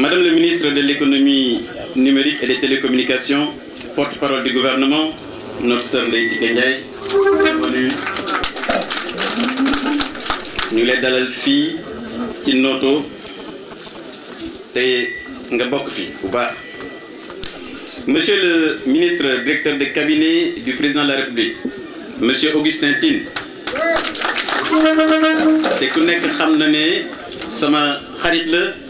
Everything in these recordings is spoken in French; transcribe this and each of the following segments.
Madame la ministre de l'économie numérique et des télécommunications, porte-parole du gouvernement, notre sœur Lady Kenyaï, Bienvenue. Nous sommes dalal et ci Noto Monsieur le ministre directeur de cabinet du président de la République, monsieur Augustin Tin. je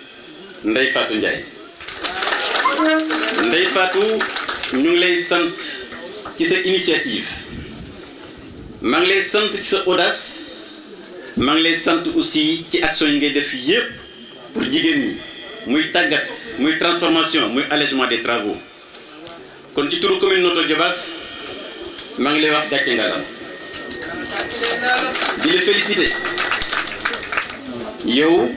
Ndeye Fatou Ndiaye Fatou ci initiative Mang ngi lay ci sa audace aussi ci action yi ngay def yépp pour nous Nous muy tàggat muy transformation muy allègement des travaux kon ci turu commune Notto Diobass ngi wax gàcce ngalam di féliciter yow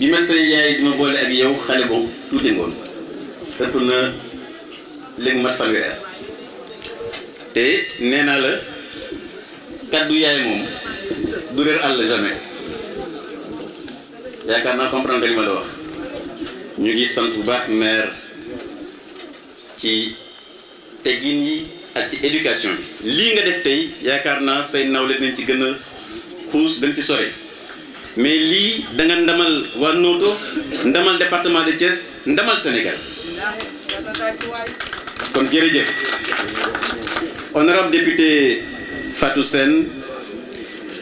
bi ma sa yaay bi boole ak yow xale boobu tuuti ngoon ëpp na léegi mat fanweer te nee naa la kaddu yaay moom du réer àll jamais yaakaar naa comprendre li ma la wax ñu ngi sant bu baax maire ci teggin yi ak ci éducation bi lii nga def tey yaakaar naa say nawle dinañ ci gën a xuus dañ ci sore mais li da ndamal département de Thiès ndamal Sénégal kon jërëjëf honorable député Fatou Sen,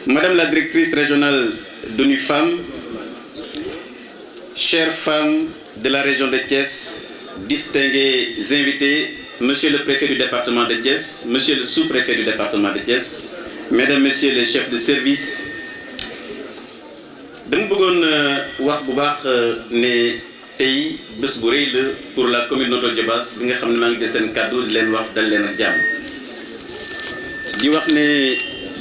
madame la directrice régionale d'ONU Femmes chères femmes de la région de Thiès distingués invités monsieur le préfet du département de Thiès monsieur le sous-préfet du département de Thiès mesdames messieurs les chefs de service dañ bëggoon euh, wax bu baax euh, ne tey bés bu rëy la pour la commune Notto Diobass bi nga xam ne maa ngi jël seen kàddu di leen wax dal leen ak jàmm di wax ne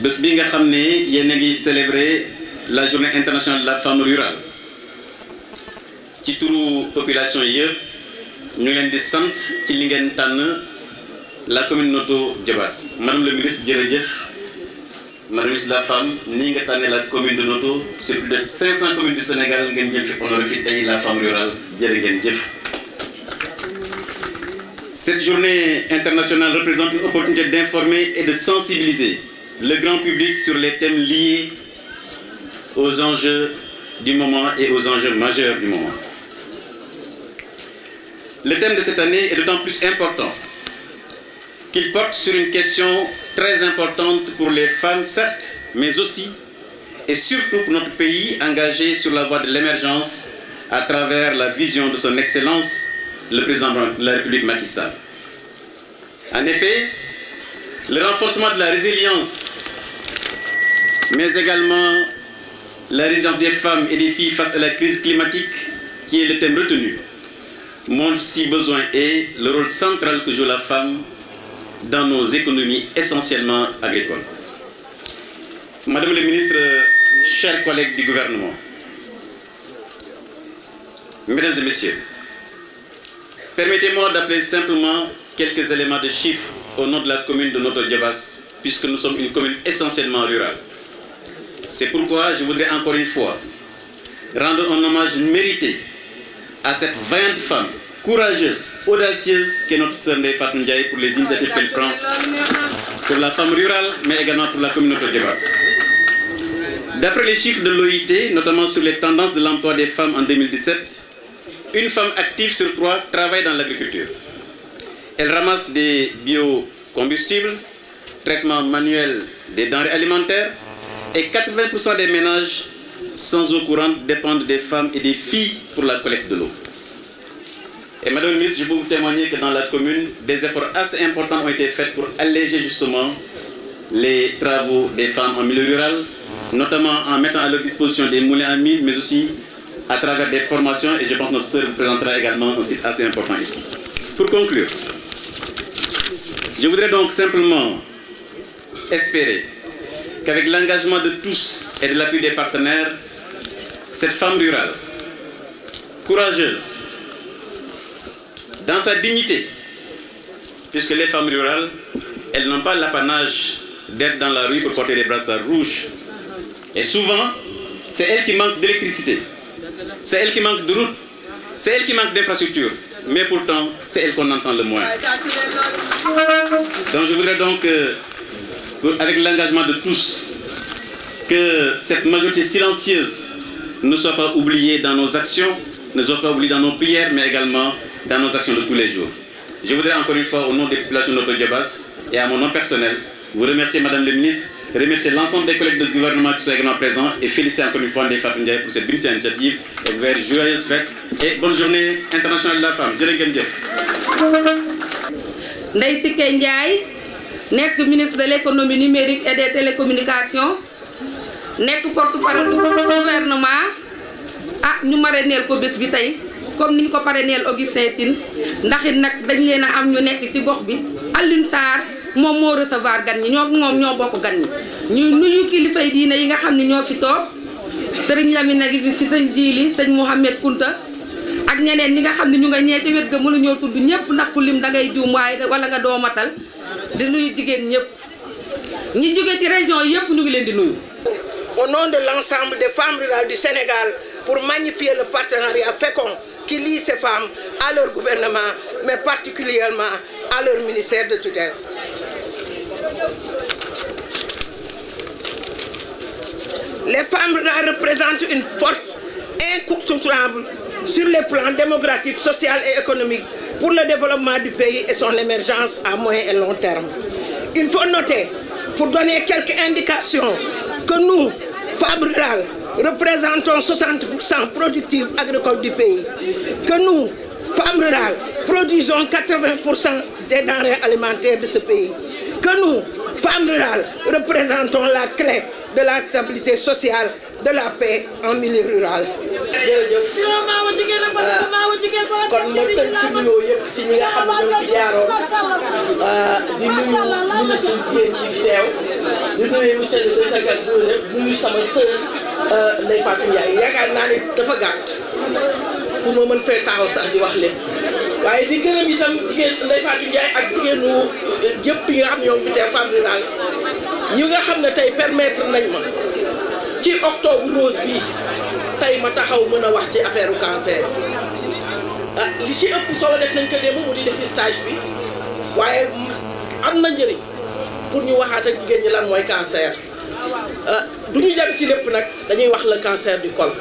bés bi nga xam ne yéen a ngi célébrer la journée internationale de la femme rurale ci turu population yëpp ñu leen di sant ci li ngeen tànn la commune Notto Diobass madame le ministre jërëjëf Marius la femme la commune de Noto c'est plus de 500 communes du Sénégal ngeen jël fi la femme rurale Cette journée internationale représente une opportunité d'informer et de sensibiliser le grand public sur les thèmes liés aux enjeux du moment et aux enjeux majeurs du moment. Le thème de cette année est d'autant plus important qu'il porte sur une question très importante pour les femmes, certes, mais aussi et surtout pour notre pays engagé sur la voie de l'émergence à travers la vision de son Excellence, le président de la République Macky Sall. En effet, le renforcement de la résilience, mais également la résilience des femmes et des filles face à la crise climatique, qui est le thème retenu, montre si besoin est le rôle central que joue la femme dans nos économies essentiellement agricoles. Madame la ministre, chers collègues du gouvernement, mesdames et messieurs, permettez-moi d'appeler simplement quelques éléments de chiffres au nom de la commune de notre Diabas, puisque nous sommes une commune essentiellement rurale. C'est pourquoi je voudrais encore une fois rendre un hommage mérité à cette vaillante femme courageuse audacieuse qu'est notre sœur Ndeye Ndiaye pour les initiatives oh, qu'elle prend pour la femme rurale, mais également pour la communauté de base. D'après les chiffres de l'OIT, notamment sur les tendances de l'emploi des femmes en 2017, une femme active sur trois travaille dans l'agriculture. Elle ramasse des biocombustibles, traitement manuel des denrées alimentaires, et 80% des ménages sans eau courante dépendent des femmes et des filles pour la collecte de l'eau. Et Madame le ministre, je peux vous témoigner que dans la commune, des efforts assez importants ont été faits pour alléger justement les travaux des femmes en milieu rural, notamment en mettant à leur disposition des moulins à mine mais aussi à travers des formations. Et je pense que notre sœur vous présentera également un site assez important ici. Pour conclure, je voudrais donc simplement espérer qu'avec l'engagement de tous et de l'appui des partenaires, cette femme rurale, courageuse, dans sa dignité, puisque les femmes rurales, elles n'ont pas l'apanage d'être dans la rue pour porter des brassards rouges. Et souvent, c'est elles qui manquent d'électricité, c'est elles qui manquent de routes, c'est elles qui manquent d'infrastructures, mais pourtant, c'est elles qu'on entend le moins. Donc je voudrais donc, euh, avec l'engagement de tous, que cette majorité silencieuse ne soit pas oubliée dans nos actions, ne soit pas oubliée dans nos prières, mais également dans nos actions de tous les jours. Je voudrais encore une fois, au nom des populations de Diabas et à mon nom personnel, vous remercier Madame le ministre, remercier l'ensemble des collègues du gouvernement qui sont également présents et féliciter encore une fois les femmes pour cette brillante initiative et vous faire joyeuse fête. et bonne journée internationale de la femme. ministre de l'économie numérique et des télécommunications porte-parole du gouvernement ah ñu ko comme niñ ko parrainé Augustin Tine ndax it nag dañ leena a am ñu nekk ci gox bi Alioune Sar mom mo recevoir gan ñi ñok mom ñoo bokk gan ñi ñu nuyu kilifay diina yi nga xamni ne ñoo fi top Serigne Lamine nag fi Serigne Djili Serigne Mouhamed Kunta ak ñeneen ñi nga xamni ñu nga ñeete wet ga ñoo tudd ñepp ndax ku lim ngay juum way wala nga doomatal di nuyu jigéen ñepp ñi jóge ci région yépp ñu ngi leen di nuyu. Au nom de l'ensemble des femmes rurales du Sénégal pour magnifier le partenariat fécond qui lient ces femmes à leur gouvernement, mais particulièrement à leur ministère de tutelle. Les femmes représentent une force incontournable sur les plans démocratiques, social et économique pour le développement du pays et son émergence à moyen et long terme. Il faut noter, pour donner quelques indications, que nous, femmes rurales, représentons 60% productifs agricoles du pays, que nous, femmes rurales, produisons 80% des denrées alimentaires de ce pays, que nous, femmes rurales, représentons la clé de la stabilité sociale, de la paix en milieu rural. ñu nuyu monsieur le directeur Gune nuyu sama sœur Ndeye Fatou Ndiaye yaakaar naa ne dafa gàtt pour ma mën fee taxaw sax di wax leen waaye di gërëm itam jigéen Ndeye Fatou Ndiaye ak jigéenu yëpp yi nga xam tey ne tey permettre nañ ma ci octobre rose bii tey ma taxaw mën a wax ci affaire u cancer ah li ci ëpp solo def nañ ko démb mu di dépistage bi waaye am na njëriñ. pour ñu waxaat ak jigéen ñi lan mooy cancer euh, du ñu yem ci lépp nag dañuy wax la cancer di kol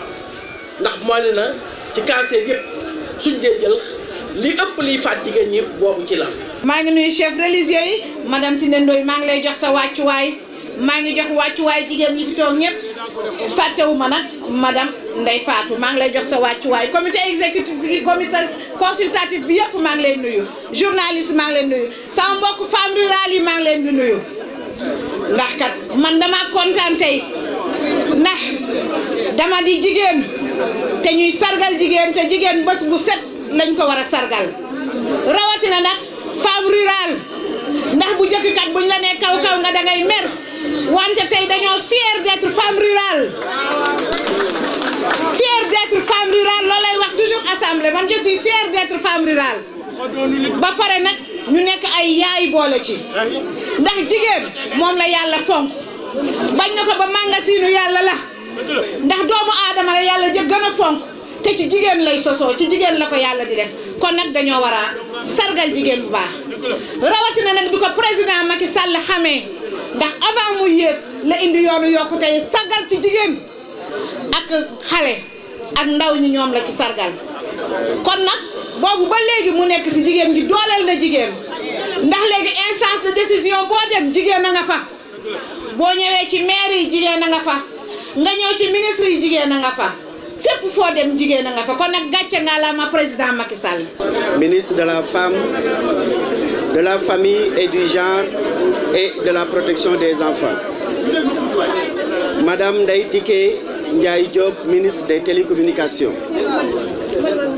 ndax mooy na ci cancer yëpp suñ dee jël li ëpp liy faat jigéen ñi boobu ci la. maa ngi nuyu chef religieux yi ma madame nen Ndoye maa ngi lay jox sa wàccuwaay maa ngi jox waay jigéen ñi ci toog ñëpp. fàttewuma nag madame Ndeye Fatou maa ngi lay jox sa wàccuwaay comité exécutif bi comité consultatif bi yëpp maa ngi leen nuyu journaliste maa ngi leen nuyu sama mbokk femme rurale yi maa ngi leen di nuyu ndax kat man dama kontaan tey ndax dama di jigéen te ñuy sargal jigéen te jigéen bés bu set lañ ko war a sargal rawatina nag femme rurale ndax bu njëkk kat buñ la nee kaw kaw nga da mer. wante tey dañoo fier d'être femme rurale fier d'être femme rurale loolu lay wax toujours assemblée man je suis fier d'être femme rurale ba pare nag ñu nekk ay yaay boole ci ndax jigéen moom la yàlla fonk bañ na ko ba màngasiinu yàlla la ndax doomu aadama la yàlla jëg gën a fonk te ci jigéen lay sosoo ci jigéen la ko yàlla di def kon nag dañoo war a sargal jigéen bu baax rawatina nag bi ko président Macky Sall xamee ndax avant mu yéeg la indi yoonu yokkute yi sargal ci jigéen ak xale ak ndaw ñu ñoom la ci sargal kon nag boobu ba léegi mu nekk si jigéen gi dooleel na jigéen ndax léegi instance de décision boo dem jigéen a nga fa boo ñëwee ci maire jigéen a nga fa nga ñëw ci ministre yi jigéen a nga fa fépp foo dem jigéen a nga fa kon nag gàcce nga la ma président Macky sal ministre de la femme de la famille et du genre. et de la protection des enfants. Madame Daïtike Ndiaye ministre des Télécommunications.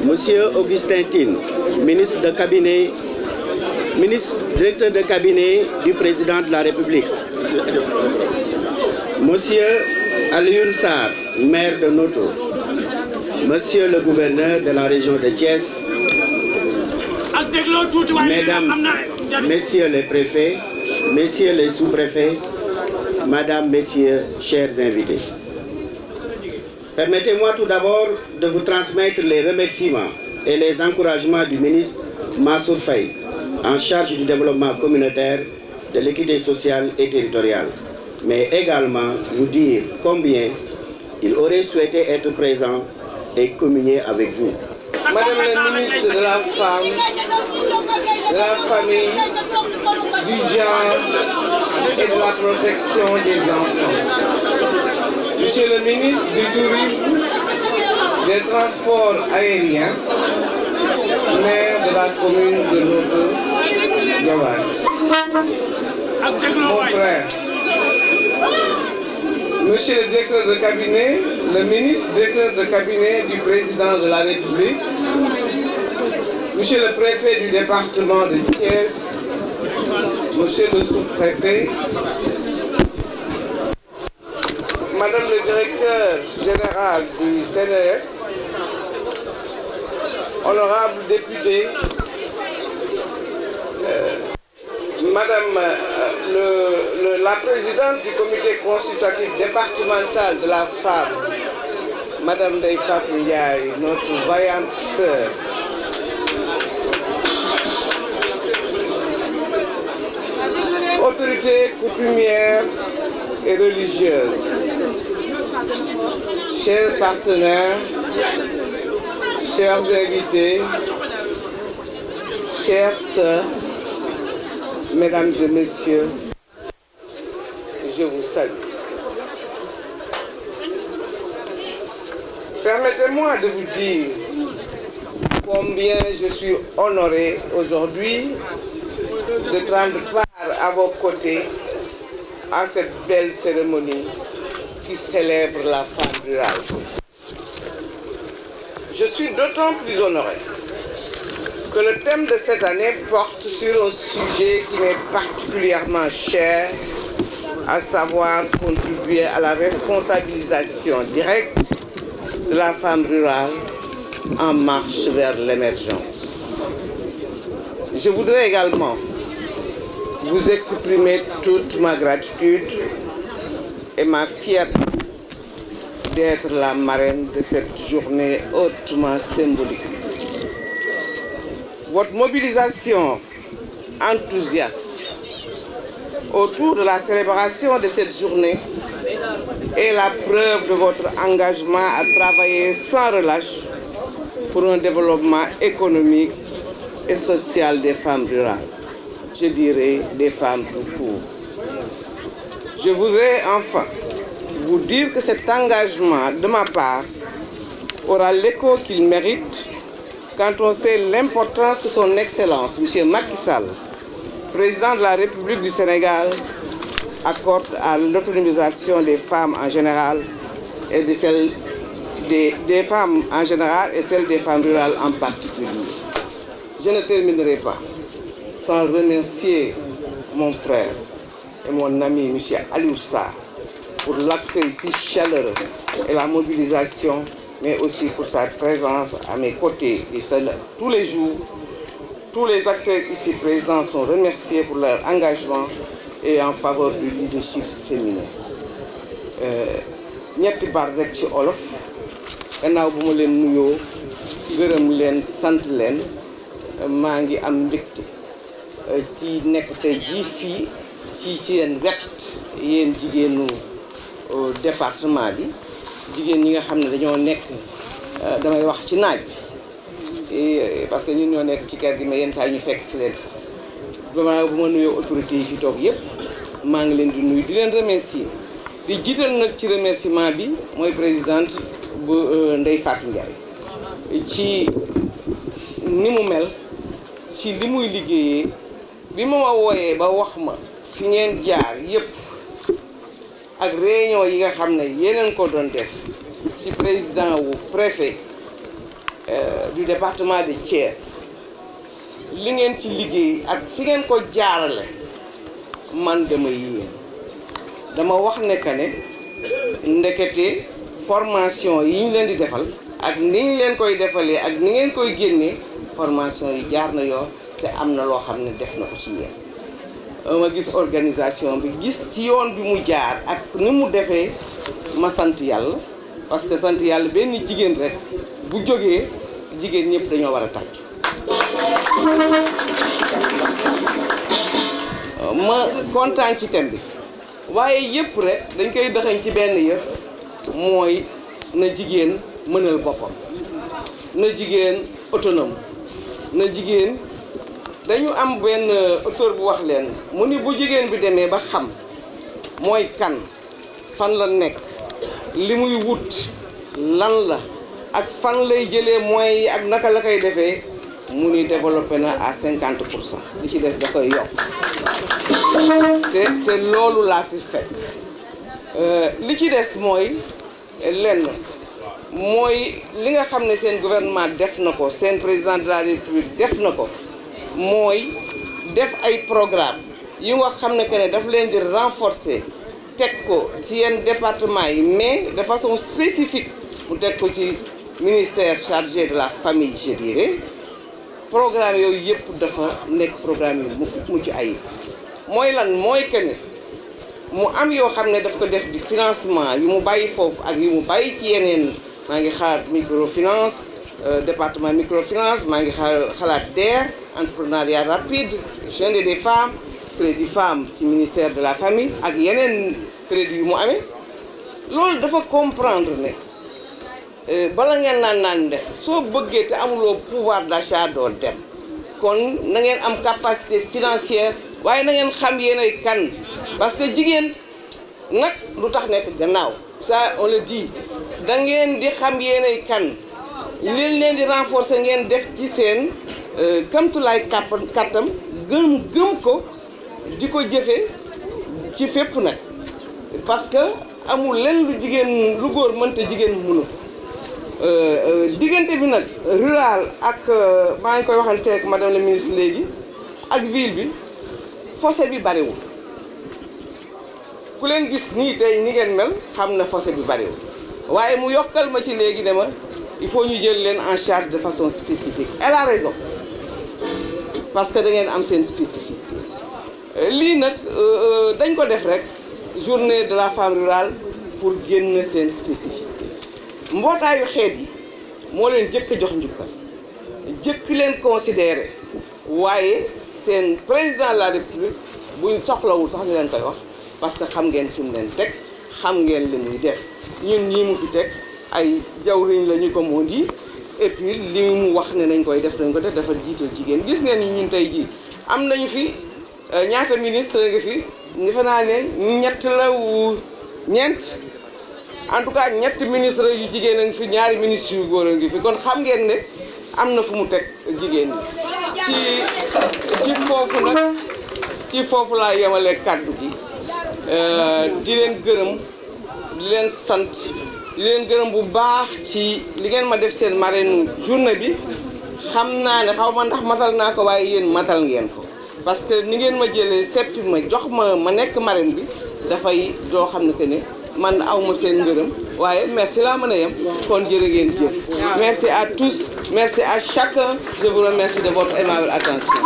Monsieur Augustin Tin, ministre de cabinet, ministre directeur de cabinet du président de la République. Monsieur Alioun Sar, maire de Noto. Monsieur le gouverneur de la région de Thiès. Mesdames, Messieurs les préfets, Messieurs les sous-préfets, Madame, Messieurs, chers invités. Permettez-moi tout d'abord de vous transmettre les remerciements et les encouragements du ministre Massoud en charge du développement communautaire, de l'équité sociale et territoriale, mais également vous dire combien il aurait souhaité être présent et communier avec vous. Madame la ministre de la Femme, de la Famille, du Genre et de la Protection des enfants. Monsieur le ministre du Tourisme, des Transports aériens, maire de la commune de Loto, Mon frère, Monsieur le directeur de cabinet, le ministre directeur de cabinet du président de la République, Monsieur le préfet du département de Thiès, Monsieur le sous-préfet, Madame le directeur général du CNES, honorable député, euh, Madame euh, la présidente du comité consultatif départemental de la femme, Madame Deifa Ndiaye, notre vaillante sœur, Coupumière et religieuse, chers partenaires, chers invités, chères sœurs, mesdames et messieurs, je vous salue. Permettez-moi de vous dire combien je suis honoré aujourd'hui de prendre part à vos côtés à cette belle cérémonie qui célèbre la femme rurale. Je suis d'autant plus honoré que le thème de cette année porte sur un sujet qui m'est particulièrement cher, à savoir contribuer à la responsabilisation directe de la femme rurale en marche vers l'émergence. Je voudrais également vous exprimer toute ma gratitude et ma fierté d'être la marraine de cette journée hautement symbolique. Votre mobilisation enthousiaste autour de la célébration de cette journée est la preuve de votre engagement à travailler sans relâche pour un développement économique et social des femmes rurales je dirais des femmes tout Je voudrais enfin vous dire que cet engagement de ma part aura l'écho qu'il mérite quand on sait l'importance que son Excellence, M. Macky Sall, président de la République du Sénégal, accorde à l'autonomisation des femmes en général et de celles des, des, femmes en général et celle des femmes rurales en particulier. Je ne terminerai pas remercier mon frère et mon ami, M. Aloussa pour l'accueil si chaleureux et la mobilisation, mais aussi pour sa présence à mes côtés. Et tous les jours, tous les acteurs ici présents sont remerciés pour leur engagement et en faveur du leadership féminin. Euh, ñetti olof ci nekk te jii fii ci seen wet yéen jigéenu département bi jigéen ñi nga xam ne dañoo nekk euh, damay wax ci naaj bi parce que ñun ñoo nekk ci kër gi ma yenn saa yi ñu fekk si leen fi bu ma nuyoo autorités yi fi toog yëpp maa ngi leen di nuyu di leen remercier di jiital nag ci remerciement bi mooy présidente bu euh, Ndeye Fatou Ndiaye ci ni mu mel ci li muy liggéeyee bi ma ma wooyee ba wax ma fi ngeen jaar yépp ak réunion yi nga xam ne yeneen ko doon def ci président wu préfet euh, du département de Thiès li ngeen ci liggéey ak fi ngeen ko jaarale man dama yéen dama wax ne que ne ndekete formation yi ñu leen di defal ak ni ñu leen koy defalee ak ni ngeen koy génnee formation yi jaar na yoo te am na loo xam ne def na ko ci yéen ma gis organisation bi gis ci yoon bi mu jaar ak ni mu defee ma sant yàlla parce que sant yàlla benn jigéen rek bu jógee jigéen ñëpp dañoo war a tàcc ma kontaan ci thème bi waaye yëpp rek dañ koy dëxañ ci benn yëf mooy na jigéen mënal boppam na jigéen autonome na jigéen dañu am benn euh, auteur bu wax leen mu ni bu jigéen bi demee ba xam mooy kan fan la nekk li muy wut lan la ak fan lay jëlee moyens yi ak naka la koy defee mu ni développé na à cinquante pour cent li ci des da koy yokk te te loolu laa fi fekk euh, li ci des mooy lenn mooy li nga xam ne seen gouvernement def na ko seen président de la république def na ko moy def ay programme yi nga xam que ne daf leen di renforcer teg ko ci yenn département yi mais de façon spécifique mu teg ko ci ministère chargé de la famille je dirais programme yooyu yëpp dafa nekk programme yu mu ci ay mooy lan mooy que ne mu am yoo xam ne daf ko def di financement yi mu bàyyi foofu ak yi mu bàyyi ci yeneen maa ngi xaar microfinance euh, département microfinance maa entrepreneuriat rapide jeunes et des femmes crédit femmes, du ministère de la famille ak yeneen crédit yu mu crédit, moi, dafa comprendre faut euh, bala ngeen vous naan def soo pouvoir d'achat vous avez kon na capacité financière vous na ngeen xam yéenay kan parce que jigéen nag lu tax gannaaw ça on le dit da ngeen di xam yéenay leen leen di renforcer ngeen def ci seen euh, kamtulaay kàttam gëm gëm ko di ko jëfe ci fépp nag parce que amul leen lu jigéen lu góor mënta jigéen mënu euh, euh, diggante bi nag rural ak maa ngi koy waxante ak madame la ministre léegi ak ville bi fossé bi bariwul ku leen gis nii tey ni ngeen mel xam na fossé bi bariwul waaye mu yokkal ma ci léegi ne ma il faut ñu jël leen en charge de façon spécifique elle a raison parce que da ngeen am seen spécificité euh, lii nag euh, euh, dañ ko def rek journée de la femme rurale pour génn seen spécificité mbootaayu xeet yi moo leen jëkk jox njukkal jëkk leen considéré waaye seen président de la république buñ soxlawul sax ñu leen koy wax parce que xam ngeen fi mu leen teg xam ngeen li muy def ñun ñii mu fi teg ay jawriñ la ñu ko moo di et puis li mu wax ne nañ koy def nañ ko def dafa jiital jigéen gis ngeen ni ñun tey jii am nañu fi euh, ñaata ministre nga fi defe naa ne ñett ñeent en tout cas ñett ministre yu jigéen a fi ñaari ministre yu góor a ngi fi kon xam ngeen ne am na fu mu teg jigéen ñi ci ci foofu nag ci foofu laa yemale kàddu gi euh, di leen gërëm di leen sant di leen gërëm bu baax ci li ngeen ma def seen marraine journée bi xam naa ne xaw ma ndax matal naa ko waaye yéen matal ngeen ko parce que ni ngeen ma jëlee seppi ma jox ma ma nekk marraine bi dafay doo xam ne que ne man aw ma seen ngërëm waaye merci laa mën a yem kon jërë ngeen jëf merci à tous merci à chacun je vous remercie de votre aimable attention.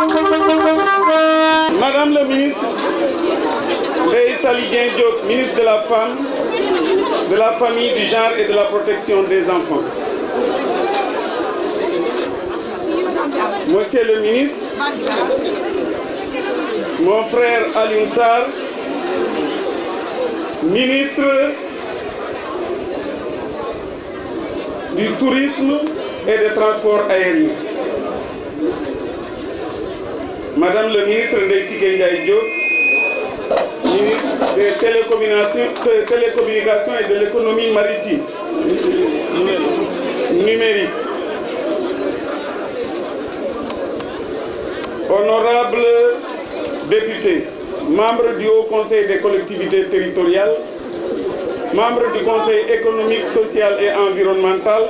Madame la ministre Ndèye Saly Dieng Diop ministre de la Femme de la famille, du genre et de la protection des enfants. Monsieur le ministre, mon frère Ali Sarr, ministre du Tourisme et des Transports aériens. Madame le ministre de Ndiaye Diop, des télécommunications, et de l'économie maritime. Numérique. Honorable député, membre du Haut Conseil des collectivités territoriales, membre du Conseil économique, social et environnemental,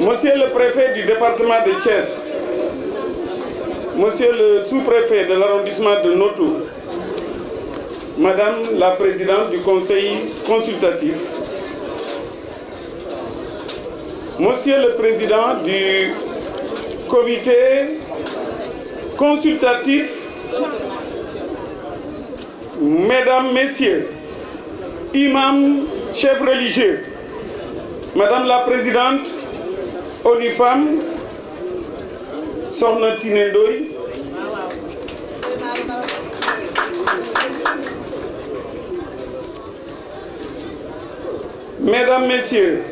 Monsieur le préfet du département de Thiès, Monsieur le sous-préfet de l'arrondissement de Notou, Madame la Présidente du Conseil consultatif, Monsieur le Président du Comité consultatif, Mesdames, Messieurs, imams, chefs religieux, Madame la Présidente, ONIFAM, Sornatinendoy, Mesdames, Messieurs,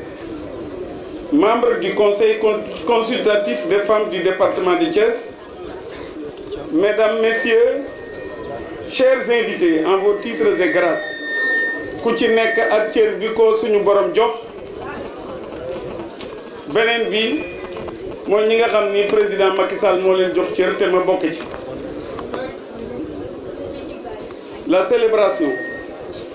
membres du Conseil consultatif des femmes du département de Thiès, Mesdames, Messieurs, chers invités en vos titres et grades, Kouchinek, ci Biko, ak bi borom bi président Macky Sall moo la célébration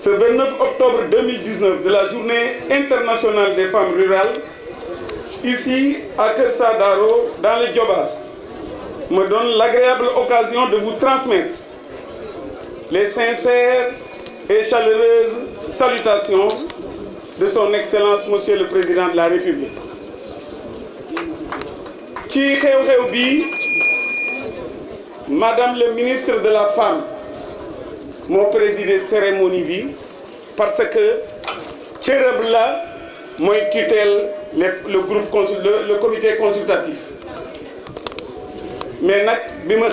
ce 29 octobre 2019 de la journée internationale des femmes rurales, ici à Kersa Daro, dans les Djobas, me donne l'agréable occasion de vous transmettre les sincères et chaleureuses salutations de son excellence monsieur le président de la république Chi madame le ministre de la femme président la cérémonie parce que le groupe le comité consultatif mais il m'a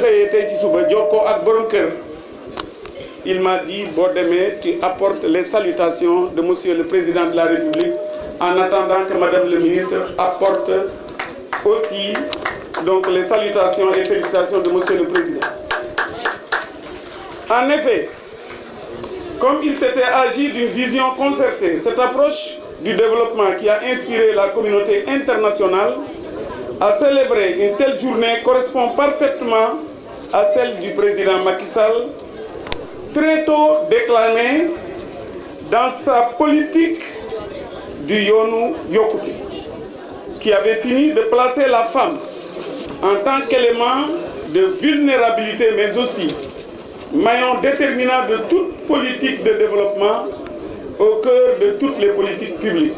dit Bon, tu apportes les salutations de monsieur le président de la république en attendant que madame le ministre apporte aussi donc les salutations et félicitations de monsieur le président en effet comme il s'était agi d'une vision concertée, cette approche du développement qui a inspiré la communauté internationale à célébrer une telle journée correspond parfaitement à celle du président Macky Sall, très tôt déclamée dans sa politique du Yonu Yokuti, qui avait fini de placer la femme en tant qu'élément de vulnérabilité, mais aussi maillon déterminant de toute politique de développement au cœur de toutes les politiques publiques.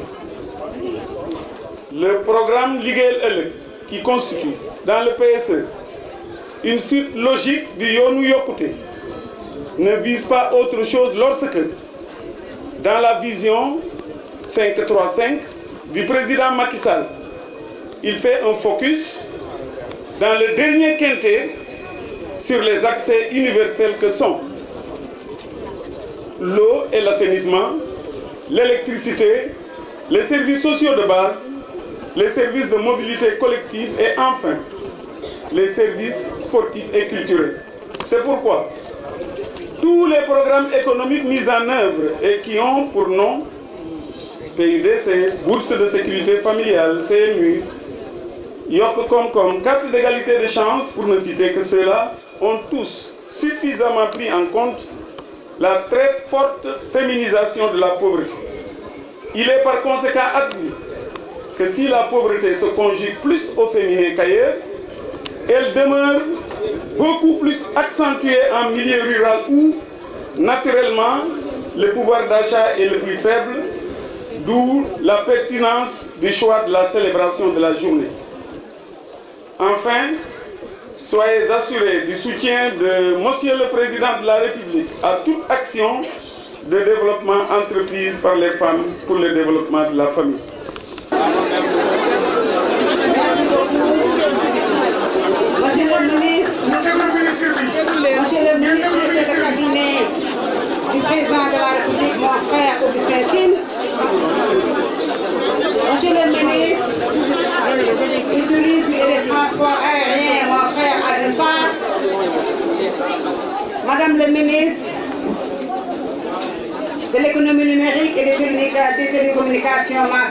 Le programme Liguel qui constitue dans le PSE une suite logique du yonu Yokouté, ne vise pas autre chose lorsque, dans la vision 535 du président Macky Sall, il fait un focus dans le dernier quintet sur les accès universels que sont l'eau et l'assainissement, l'électricité, les services sociaux de base, les services de mobilité collective et enfin les services sportifs et culturels. C'est pourquoi tous les programmes économiques mis en œuvre et qui ont pour nom PIDC, bourse de sécurité familiale, CMU, Yop Comcom, carte d'égalité des chances, pour ne citer que cela, ont tous suffisamment pris en compte la très forte féminisation de la pauvreté. Il est par conséquent admis que si la pauvreté se conjugue plus au féminin qu'ailleurs, elle demeure beaucoup plus accentuée en milieu rural où, naturellement, le pouvoir d'achat est le plus faible, d'où la pertinence du choix de la célébration de la journée. Enfin, soyez assurés du soutien de Monsieur le Président de la République à toute action de développement entreprise par les femmes pour le développement de la famille. Monsieur le ministre, Monsieur le ministre de cabinet du président de la République, mon frère Augustin Tine, Monsieur le ministre, le ministre de l'économie numérique et des, télécommunications, ma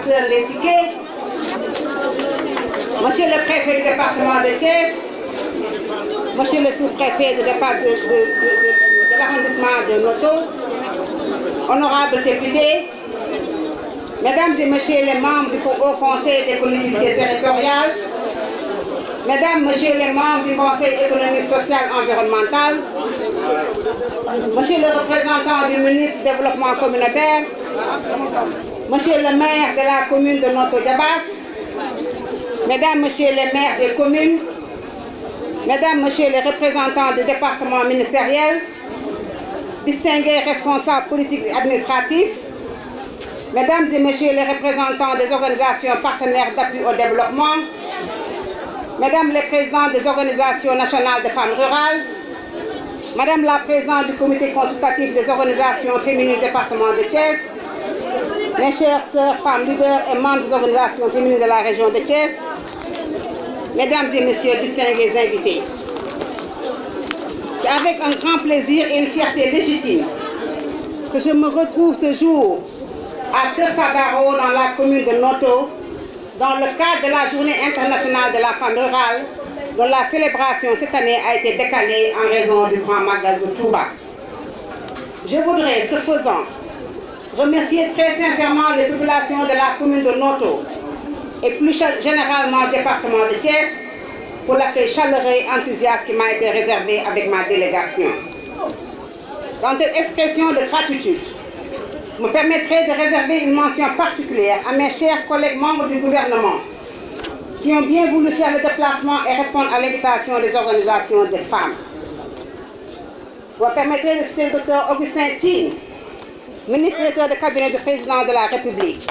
monsieur le préfet du département de Thiès, monsieur le sous-préfet de, de, l'arrondissement de, Noto, honorable député, mesdames et messieurs les membres du Conseil des territoriale territoriales, mesdames, messieurs les membres du Conseil économique, social et environnemental, Monsieur le représentant du ministre du Développement communautaire, Monsieur le maire de la commune de Noto-Diabas, Mesdames, Messieurs les maires des communes, Mesdames, Messieurs les représentants du département ministériel, distingués responsables politiques et administratifs, Mesdames et Messieurs les représentants des organisations partenaires d'appui au développement, Mesdames les présidents des organisations nationales de femmes rurales, Madame la présidente du comité consultatif des organisations féminines département de Thiès, mes chères sœurs, femmes leaders et membres des organisations féminines de la région de Thiès, mesdames et messieurs distingués invités. C'est avec un grand plaisir et une fierté légitime que je me retrouve ce jour à Kersagaro dans la commune de Noto dans le cadre de la journée internationale de la femme rurale dont la célébration cette année a été décalée en raison du grand magasin de Touba. Je voudrais, ce faisant, remercier très sincèrement les populations de la commune de Noto et plus généralement le département de Thiès pour l'accueil chaleureux et enthousiaste qui m'a été réservé avec ma délégation. Dans cette expression de gratitude, me permettrait de réserver une mention particulière à mes chers collègues membres du gouvernement qui ont bien voulu faire le déplacement et répondre à l'invitation des organisations des femmes. Vous permettez, de citer le docteur Augustin Thine, ministre de cabinet du président de la République.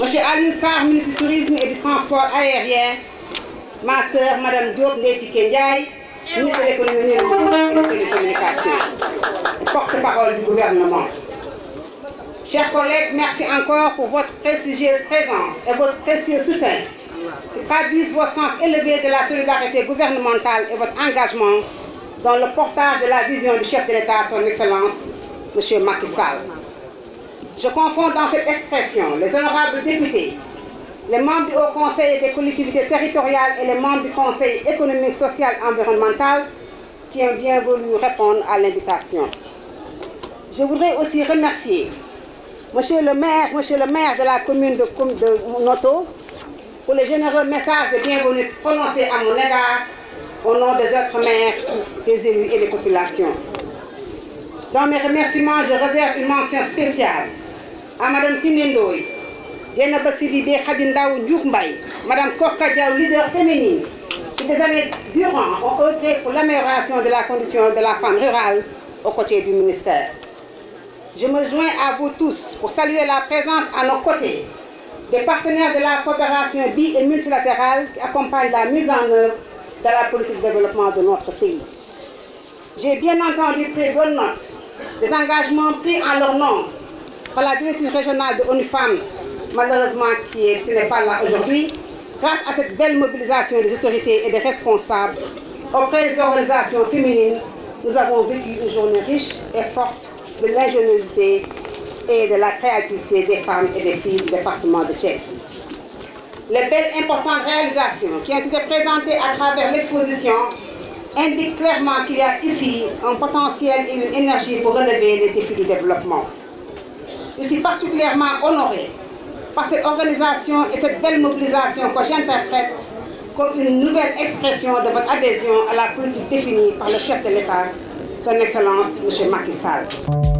Monsieur Aliou ministre du Tourisme et du Transport aérien. Ma sœur, Madame Diop Ndeti ministre de l'économie et de des et porte-parole du gouvernement. Chers collègues, merci encore pour votre prestigieuse présence et votre précieux soutien. qui traduisent vos sens élevé de la solidarité gouvernementale et votre engagement dans le portage de la vision du chef de l'État, son Excellence, M. Macky Sall. Je confonds dans cette expression les honorables députés, les membres du Haut Conseil des collectivités territoriales et les membres du Conseil économique, social et environnemental qui ont bien voulu répondre à l'invitation. Je voudrais aussi remercier Monsieur le maire, monsieur le maire de la commune de, de Noto, pour le généreux messages de bienvenue prononcé à mon égard au nom des autres maires, des élus et des populations. Dans mes remerciements, je réserve une mention spéciale à Madame Tinindoy, Djenaba Sidibé Khadindaou Madame leader féminine, qui des années durant ont œuvré pour l'amélioration de la condition de la femme rurale aux côtés du ministère je me joins à vous tous pour saluer la présence à nos côtés des partenaires de la coopération bi et multilatérale qui accompagnent la mise en œuvre de la politique de développement de notre pays. J'ai bien entendu pris bonne note des engagements pris en leur nom par la directrice régionale de ONU malheureusement qui n'est pas là aujourd'hui, grâce à cette belle mobilisation des autorités et des responsables auprès des organisations féminines, nous avons vécu une journée riche et forte de l'ingéniosité et de la créativité des femmes et des filles du département de Thiès. Les belles importantes réalisations qui ont été présentées à travers l'exposition indiquent clairement qu'il y a ici un potentiel et une énergie pour relever les défis du développement. Je suis particulièrement honorée par cette organisation et cette belle mobilisation que j'interprète comme une nouvelle expression de votre adhésion à la politique définie par le chef de l'État son excellence M. Macky Sall.